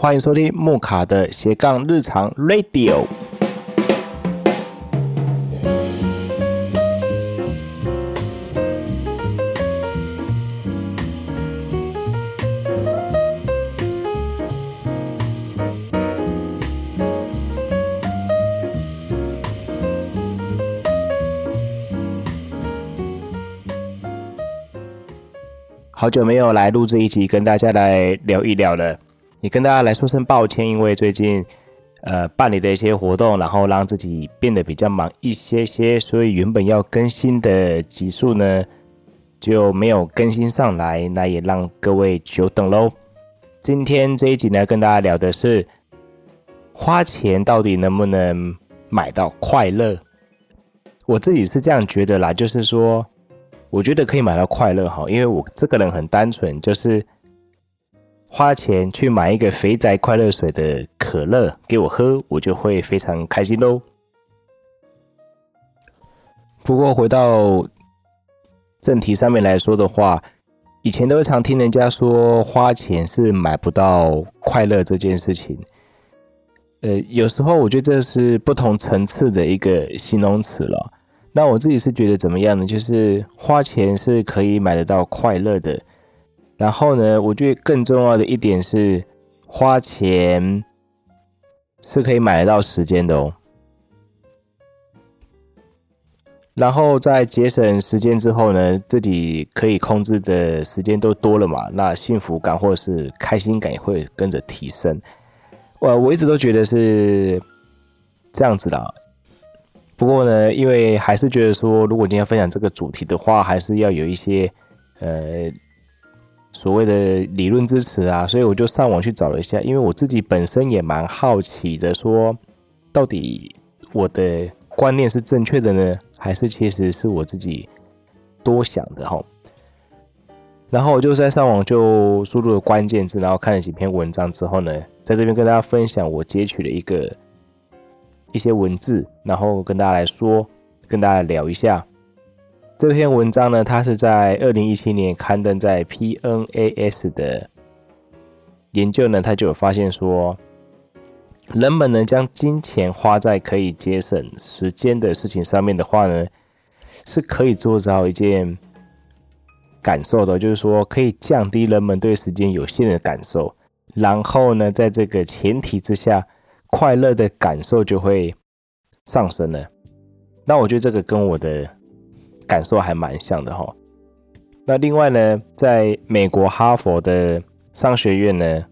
歡迎收聽木卡的斜槓日常 Radio。好久沒有來錄制一集，跟大家來聊一聊了。也跟大家來說聲抱歉，因為最近，呃，辦理的一些活動，然後讓自己變得比較忙一些些，所以原本要更新的集數呢，就沒有更新上來，那也讓各位久等嘍。今天這一集呢，跟大家聊的是，花錢到底能不能買到快樂？我自己是這樣覺得啦，就是說，我覺得可以買到快樂哈，因為我這個人很單純，就是。花錢去買一個肥宅快樂水的可樂給我喝，我就會非常開心嘍。不過回到正題上面來說的話，以前都會常聽人家說花錢是買不到快樂這件事情。呃，有時候我覺得這是不同層次的一個形容詞了。那我自己是覺得怎麼樣呢？就是花錢是可以買得到快樂的。然後呢，我覺得更重要的一點是，花錢是可以買得到時間的哦。然後在節省時間之後呢，自己可以控制的時間都多了嘛，那幸福感或者是開心感也會跟着提升。我我一直都覺得是這樣子的。不過呢，因為還是覺得說，如果今天分享這個主題的話，還是要有一些呃。所謂的理論支持啊，所以我就上網去找了一下，因為我自己本身也蠻好奇的說，說到底我的觀念是正確的呢，還是其實是我自己多想的哈？然後我就在上網就輸入了關鍵字，然後看了幾篇文章之後呢，在這邊跟大家分享我截取的一個一些文字，然後跟大家來說，跟大家聊一下。這篇文章呢，它是在二零一七年刊登在 PNAS 的研究呢，它就有發現說，人們呢將金錢花在可以節省時間的事情上面的話呢，是可以做到一件感受的，就是說可以降低人們對時間有限的感受，然後呢，在這個前提之下，快樂的感受就會上升了。那我覺得這個跟我的。感受還蠻像的哈、哦。那另外呢，在美國哈佛的商學院呢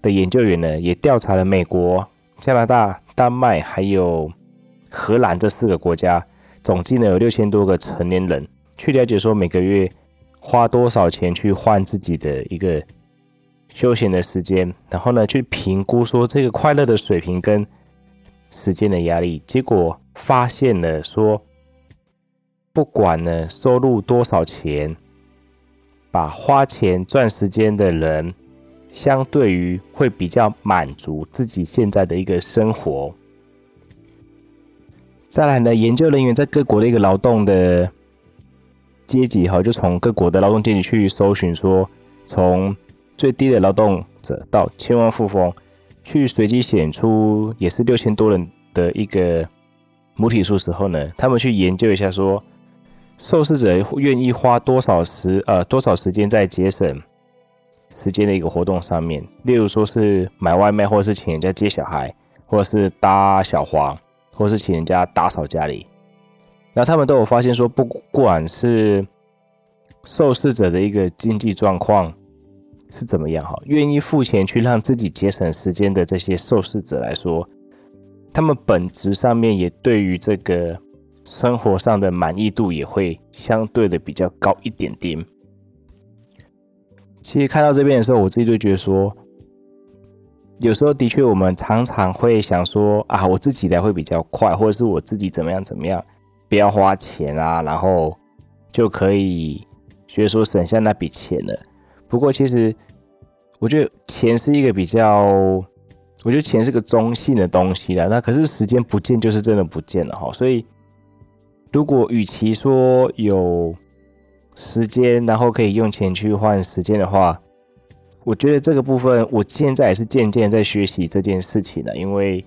的研究員呢，也調查了美國、加拿大、丹麥還有荷蘭這四個國家，總計呢有六千多個成年人，去了解說每個月花多少錢去換自己的一個休閒的時間，然後呢去評估說這個快樂的水平跟時間的壓力，結果發現了說。不管呢收入多少錢，把花錢賺時間的人，相對於會比較滿足自己現在的一個生活。再來呢，研究人員在各國的一個勞動的階級哈，就從各國的勞動階級去搜尋說，從最低的勞動者到千萬富翁，去隨機選出也是六千多人的一個母體數時候呢，他們去研究一下說。受試者願意花多少時，呃，多少時間在節省時間的一個活動上面，例如說是買外賣，或者是請人家接小孩，或者是搭小黃，或是請人家打掃家裡。然後他們都有發現說，不管是受試者的一個經濟狀況是怎麼樣，哈，願意付錢去讓自己節省時間的這些受試者來說，他們本質上面也對於這個。生活上的滿意度也會相對的比較高一點點。其實看到這邊的時候，我自己就覺得說，有時候的確我們常常會想說啊，我自己來會比較快，或者是我自己怎麼樣怎麼樣，不要花錢啊，然後就可以學說省下那筆錢了。不過其實我覺得錢是一個比較，我覺得錢是個中性的東西啦。那可是時間不見就是真的不見了哈，所以。如果與其說有時間，然後可以用錢去換時間的話，我覺得這個部分我現在也是漸漸在學習這件事情了啊。因為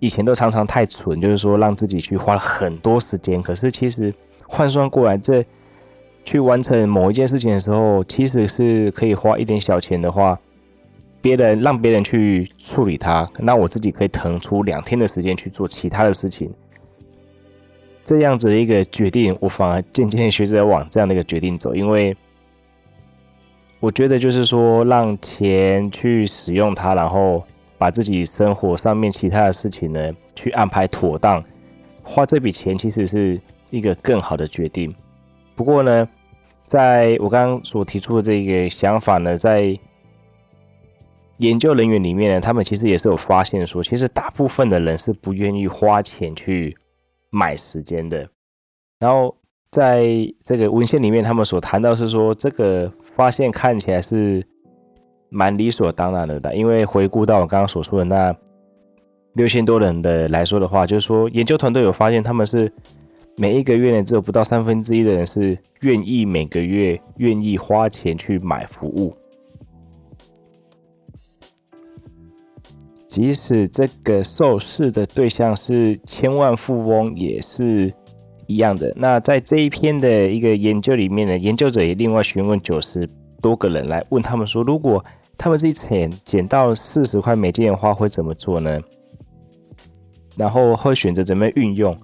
以前都常常太蠢，就是說讓自己去花很多時間。可是其實換算過來這，這去完成某一件事情的時候，其實是可以花一點小錢的話，別人讓別人去處理它，那我自己可以騰出兩天的時間去做其他的事情。這樣子的一個決定，我反而漸漸學着往這樣的一個決定走，因為我覺得就是說，讓錢去使用它，然後把自己生活上面其他的事情呢去安排妥當，花這筆錢其實是一個更好的決定。不過呢，在我剛剛所提出的這個想法呢，在研究人員裡面呢，他們其實也是有發現說，其實大部分的人是不願意花錢去買時間的，然後在這個文獻裡面，他們所談到是說，這個發現看起來是蠻理所當然的，因為回顧到我剛剛所說的那六千多人的來說的話，就是說研究團隊有發現，他們是每一個月呢只有不到三分之一的人是願意每個月願意花錢去買服務。即使這個受試的對象是千萬富翁，也是一樣的。那在這一篇的一個研究裡面呢，研究者，也另外詢問九十多個人來問他們說，如果他們自己撿撿到四十塊美金的話，會怎麼做呢？然後會選擇怎麼運用？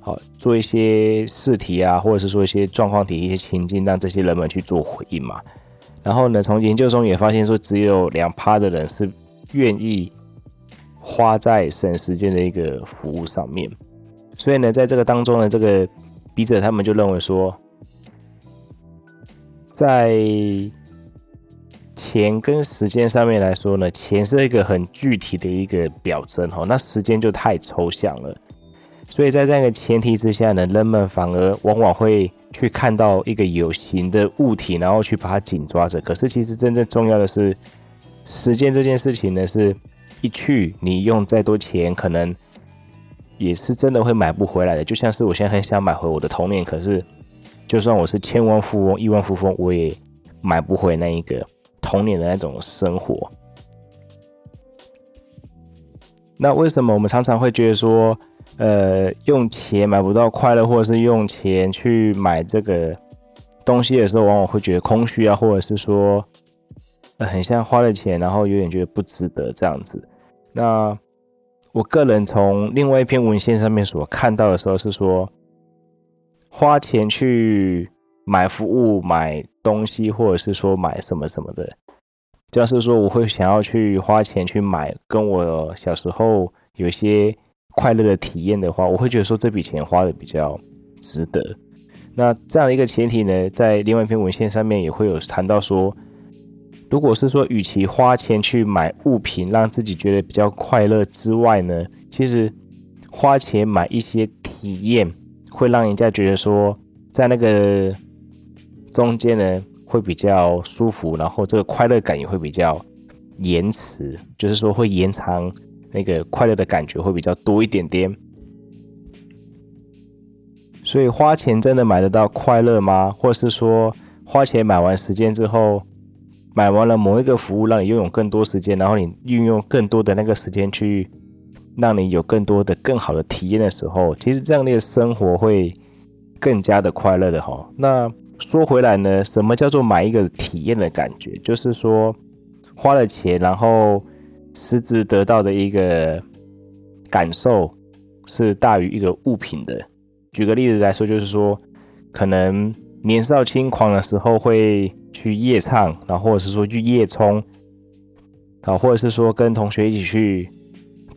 好，做一些試題啊，或者是說一些狀況題、一些情境，讓這些人們去做回應嘛。然後呢，從研究中也發現說，只有兩趴的人是願意花在省時間的一個服務上面，所以呢，在這個當中呢，這個筆者他們就認為說，在錢跟時間上面來說呢，錢是一個很具體的一個表徵哦，那時間就太抽象了。所以在這樣一個前提之下呢，人們反而往往會去看到一個有形的物體，然後去把它緊抓着。可是其實真正重要的是時間這件事情呢，是。一去，你用再多錢，可能也是真的會買不回來的。就像是我現在很想買回我的童年，可是就算我是千萬富翁、億萬富翁，我也買不回那一個童年的那種生活。那為什麼我們常常會覺得說，呃，用錢買不到快樂，或者是用錢去買這個東西的時候，往往會覺得空虛啊，或者是說，呃，很像花了錢，然後有點覺得不值得這樣子。那我個人從另外一篇文獻上面所看到的時候是說，花錢去買服務、買東西，或者是說買什麼什麼的，就是說我會想要去花錢去買跟我小時候有些快樂的體驗的話，我會覺得說，這筆錢花的比較值得。那這樣的一個前提呢，在另外一篇文獻上面也會有談到說。如果是說，與其花錢去買物品，讓自己覺得比較快樂之外呢，其實花錢買一些體驗，會讓人家覺得說，在那個中間呢會比較舒服，然後這個快樂感也會比較延遲，就是說會延長那個快樂的感覺會比較多一點點。所以花錢真的買得到快樂嗎？或是說花錢買完時間之後？買完了某一個服務，讓你擁有更多時間，然後你運用更多的那個時間去，讓你有更多的、更好的體驗的時候，其實這樣的生活會更加的快樂的哈。那說回來呢，什麼叫做買一個體驗的感覺？就是說花了錢，然後實質得到的一個感受是大於一個物品的。舉個例子來說，就是說可能年少輕狂的時候會。去夜唱，然後或者是說去夜衝，啊，或者是說跟同學一起去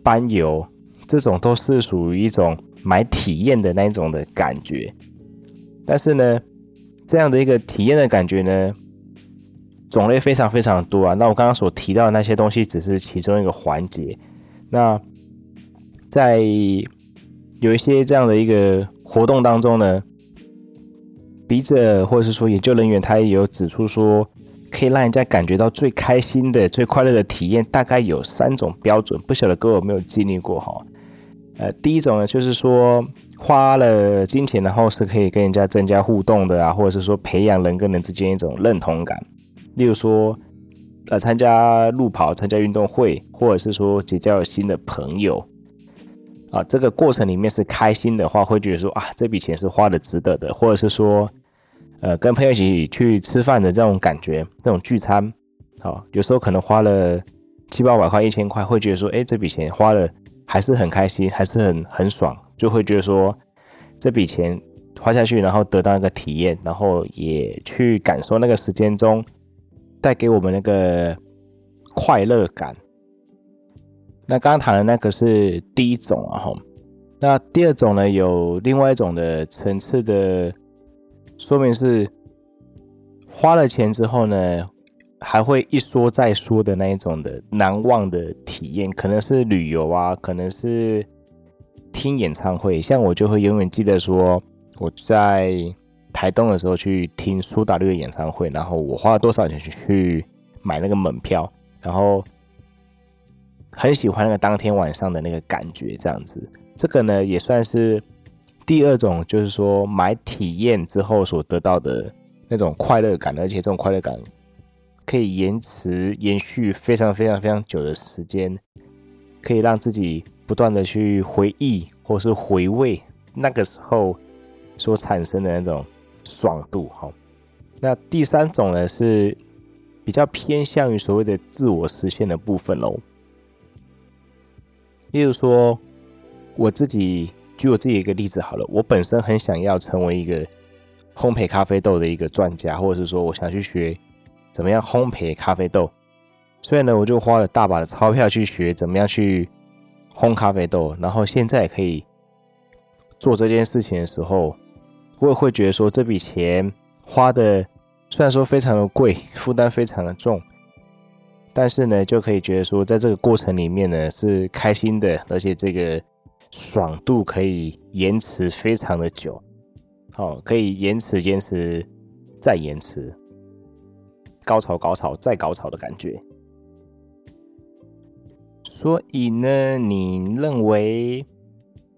班遊，這種都是屬於一種買體驗的那一種的感覺。但是呢，這樣的一個體驗的感覺呢，種類非常非常多啊。那我剛剛所提到的那些東西只是其中一個環節。那在有一些這樣的一個活動當中呢，筆者或者是說，研究人員，他也有指出說，可以讓人家感覺到最開心的、最快樂的體驗，大概有三種標準。不曉得各位有沒有經歷過哈？呃，第一種呢，就是說花了金錢，然後是可以跟人家增加互動的啊，或者是說培養人跟人之間一種認同感。例如說，呃，參加路跑、參加運動會，或者是說結交有新的朋友啊，這個過程裡面是開心的話，會覺得說啊，這筆錢是花的值得的，或者是說呃，跟朋友一起去吃飯的這種感覺，那種聚餐，好，有時候可能花了七八百塊、一千塊，會覺得說，誒、欸，這筆錢花了還是很開心，還是很很爽，就會覺得說，這筆錢花下去，然後得到一個體驗，然後也去感受那個時間中帶給我們那個快樂感。那剛剛談的那個是第一種啊，吼，那第二種呢，有另外一種的層次的。說明是花了錢之後呢，還會一說再說的那一種的難忘的體驗，可能是旅遊啊，可能是聽演唱會。像我就會永遠記得說我在台東的時候去聽蘇打綠的演唱會，然後我花了多少錢去買那個門票，然後很喜歡那個當天晚上的那個感覺。這樣子，這個呢也算是。第二種就是說，買體驗之後所得到的那種快樂感，而且這種快樂感可以延遲、延續非常非常非常久的時間，可以讓自己不斷的去回憶或是回味那個時候所產生的那種爽度。好，那第三種呢是比較偏向於所謂的自我實現的部分哦。例如說我自己。舉我自己一個例子好了，我本身很想要成為一個烘焙咖啡豆的一個專家，或者是說我想去學怎麼樣烘焙咖啡豆，所以呢，我就花了大把的鈔票去學怎麼樣去烘咖啡豆，然後現在可以做這件事情的時候，我也會覺得說這筆錢花的雖然說非常的貴，負擔非常的重，但是呢，就可以覺得說在這個過程裡面呢是開心的，而且這個。爽度可以延遲非常的久，好，可以延遲、延遲、再延遲，高潮、高潮、再高潮的感覺。所以呢，你認為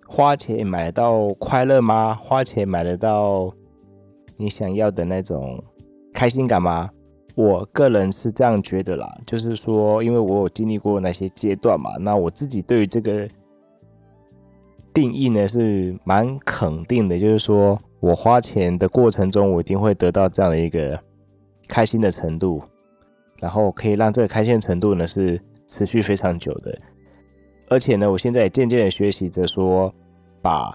花錢買得到快樂嗎？花錢買得到你想要的那種開心感嗎？我個人是這樣覺得啦，就是說，因為我有經歷過那些階段嘛，那我自己對於這個。定義呢是蠻肯定的，就是說我花錢的過程中，我一定會得到這樣的一個開心的程度，然後可以讓這個開心程度呢是持續非常久的。而且呢，我現在也漸漸的學習着說，把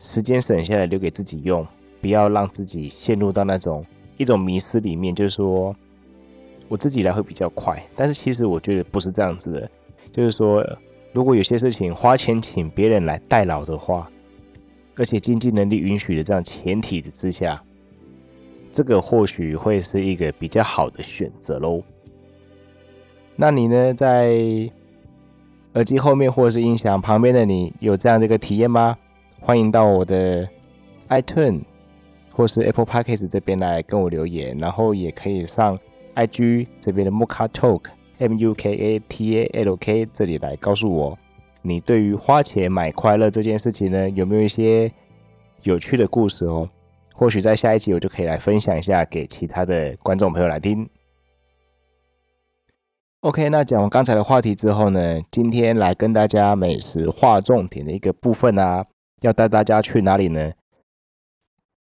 時間省下來留給自己用，不要讓自己陷入到那種一種迷思裡面。就是說，我自己來會比較快，但是其實我覺得不是這樣子的，就是說。如果有些事情花錢請別人來代勞的話，而且經濟能力允許的這樣前提之下，這個或許會是一個比較好的選擇嘍。那你呢，在耳機後面或者是音響旁邊的你，有這樣的一個體驗嗎？歡迎到我的 iTunes 或是 Apple Podcasts 這邊來跟我留言，然後也可以上 IG 這邊的 Mukatalk。M U K A T A L K 這裡來告訴我，你對於花錢買快樂這件事情呢，有沒有一些有趣的故事哦？或許在下一集我就可以來分享一下，給其他的觀眾朋友來聽。OK，那講完剛才的話題之後呢，今天來跟大家美食劃重點的一個部分啊，要帶大家去哪裡呢？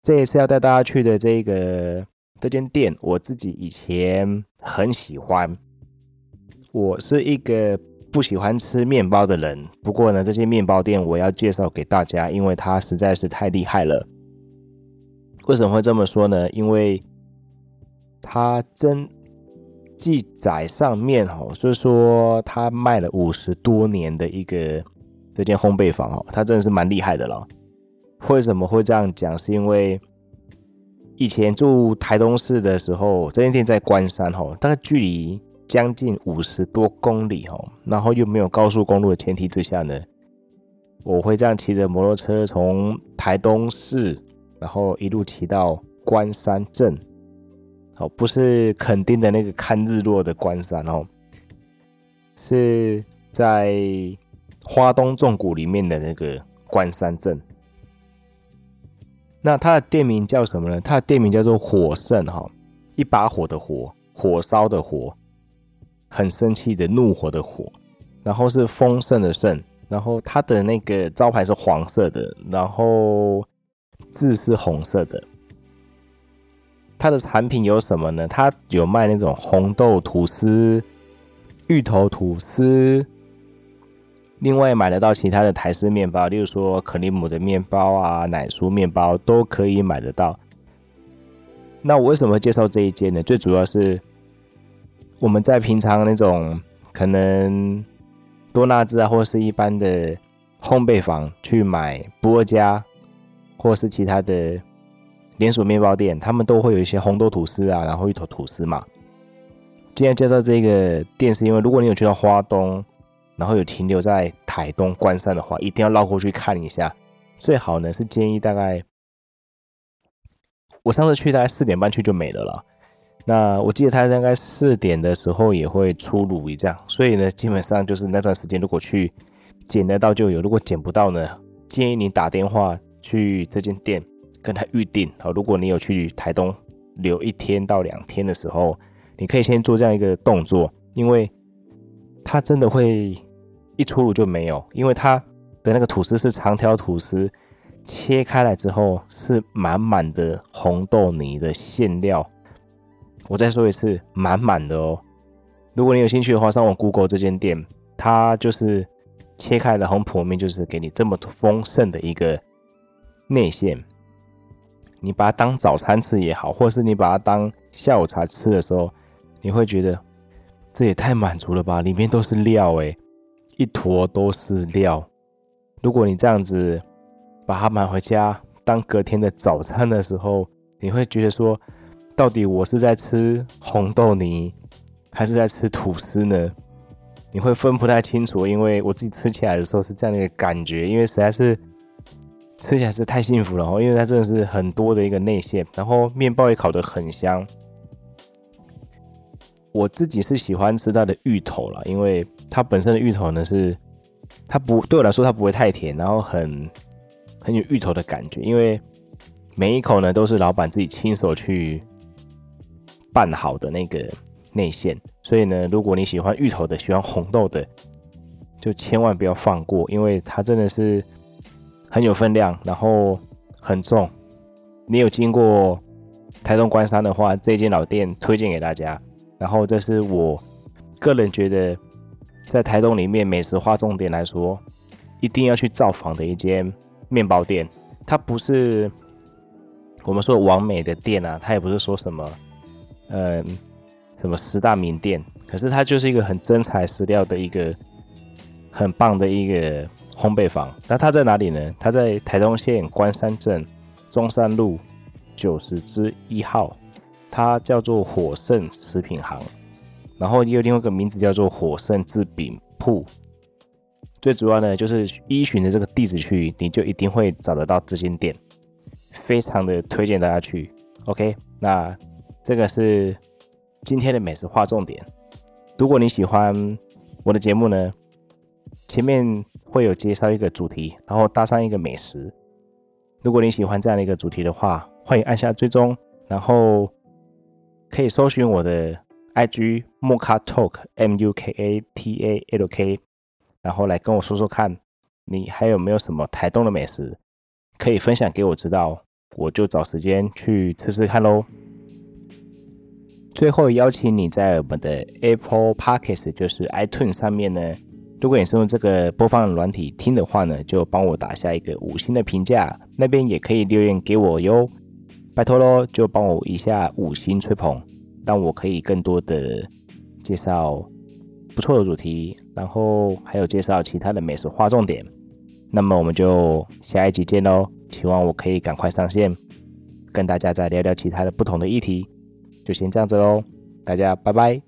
這一次要帶大家去的這個這間店，我自己以前很喜歡。我是一個不喜歡吃麵包的人，不過呢，這間麵包店我要介紹給大家，因為它實在是太厲害了。為什麼會這麼說呢？因為它真記載上面哦，所以說它賣了五十多年的一個這間烘焙坊哦，它真的是蠻厲害的了。為什麼會這樣講？是因為以前住台東市的時候，這間店在關山哦，大概距離。將近五十多公里哦，然後又沒有高速公路的前提之下呢，我會這樣騎着摩托車從台東市，然後一路騎到關山鎮，哦，不是墾丁的那個看日落的關山哦，是在花東縱谷裡面的那個關山鎮。那它的店名叫什麼呢？它的店名叫做火盛哈，一把火的火，火燒的火，很生氣的怒火的火，然後是豐盛的盛，然後它的那個招牌是黃色的，然後字是紅色的。它的產品有什麼呢？它有賣那種紅豆吐司、芋頭吐司，另外買得到其他的台式麵包，例如說克里姆的麵包啊、奶酥麵包都可以買得到。那我為什麼會介紹這一間呢？最主要是。我們在平常那種可能多納茲啊，或是一般的烘焙坊去買波加，或是其他的連鎖麵包店，他們都會有一些紅豆吐司啊，然後芋頭吐司嘛。今天介紹這個店，是因為如果你有去到花東，然後有停留在台東關山的話，一定要繞過去看一下。最好呢是建議大概，我上次去大概四點半去就沒了啦。那我記得他應該四點的時候也會出爐，這樣，所以呢，基本上就是那段時間，如果去撿得到就有；如果撿不到呢，建議你打電話去這間店跟他預定。好，如果你有去台東留一天到兩天的時候，你可以先做這樣一個動作，因為它真的會一出爐就沒有，因為它的那個吐司是長條吐司，切開來之後是滿滿的紅豆泥的餡料。我再說一次，滿滿的哦！如果你有興趣的話，上我 Google 這間店，它就是切開的紅婆面，就是給你這麼豐盛的一個內餡。你把它當早餐吃也好，或是你把它當下午茶吃的時候，你會覺得這也太滿足了吧？裡面都是料哎、欸，一坨都是料。如果你這樣子把它買回家當隔天的早餐的時候，你會覺得說。到底我是在吃紅豆泥，還是在吃吐司呢？你會分不太清楚，因為我自己吃起來的時候是這樣的一個感覺，因為實在是吃起來是太幸福了哦，因為它真的是很多的一個內餡，然後麵包也烤得很香。我自己是喜歡吃它的芋頭啦，因為它本身的芋頭呢是，它不，對我來說它不會太甜，然後很很有芋頭的感覺，因為每一口呢都是老闆自己親手去。拌好的那個內餡，所以呢，如果你喜歡芋頭的，喜歡紅豆的，就千萬不要放過，因為它真的是很有分量，然後很重。你有經過台東關山的話，這間老店推薦給大家。然後這是我個人覺得在台東裡面美食劃重點來說，一定要去造訪的一間麵包店。它不是我們說完美的店啊，它也不是說什麼。嗯，什麼十大名店？可是它就是一個很真材實料的一個很棒的一個烘焙坊。那它在哪裡呢？它在台東縣關山鎮中山路九十之一號。它叫做火盛食品行，然後也有另外一個名字叫做火盛制餅鋪。最主要呢，就是依循著這個地址去，你就一定會找得到這間店。非常的推薦大家去。OK，那。這個是今天的美食劃重點。如果你喜歡我的節目呢，前面會有介紹一個主題，然後搭上一個美食。如果你喜歡這樣的一個主題的話，歡迎按下追蹤，然後可以搜尋我的 IG 木卡 Tok，MUKATALK，然後來跟我說說看，你還有沒有什麼台東的美食可以分享給我知道，我就找時間去吃吃看嘍。最後邀請你在我們的 Apple Podcast，就是 iTunes 上面呢，如果你是用這個播放軟體聽的話呢，就幫我打下一個五星的評價，那邊也可以留言給我喲，拜托嘍，就幫我一下五星吹捧，讓我可以更多的介紹不錯的主題，然後還有介紹其他的美食畫重點。那麼我們就下一集見嘍，希望我可以趕快上線，跟大家再聊聊其他的不同的議題。就先這樣子嘍，大家拜拜。